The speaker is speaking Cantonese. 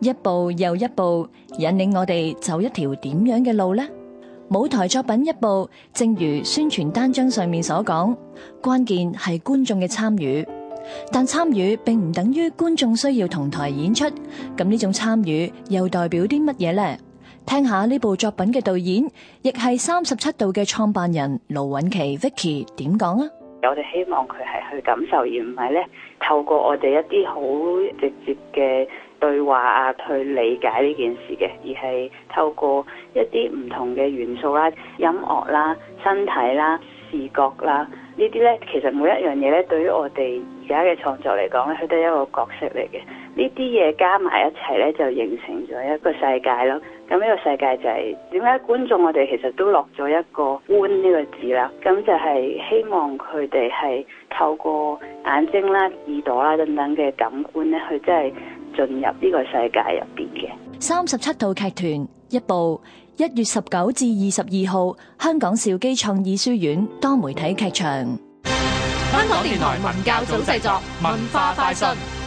一步又一步，引領我哋走一條點樣嘅路呢？舞台作品「一步」正如宣傳單張上面所講，關鍵係觀眾嘅參與。但參與並唔等於觀眾需要同台演出。咁呢種參與又代表啲乜嘢呢？聽下呢部作品嘅導演，亦係三十七度嘅創辦人盧韻琪 Vicky 點講啊？Icky, 我哋希望佢係去感受，而唔係咧透過我哋一啲好直接嘅。對話啊，去理解呢件事嘅，而係透過一啲唔同嘅元素啦、音樂啦、身體啦、視覺啦，呢啲呢，其實每一樣嘢呢，對於我哋而家嘅創作嚟講呢，佢都係一個角色嚟嘅。呢啲嘢加埋一齊呢，就形成咗一個世界咯。咁呢個世界就係點解觀眾，我哋其實都落咗一個觀呢個字啦。咁就係希望佢哋係透過眼睛啦、耳朵啦等等嘅感官呢，佢真係。進入呢個世界入邊嘅。三十七度劇團一部，一月十九至二十二號，香港兆基創意書院多媒體劇場。香港電台文教組製作文化快訊。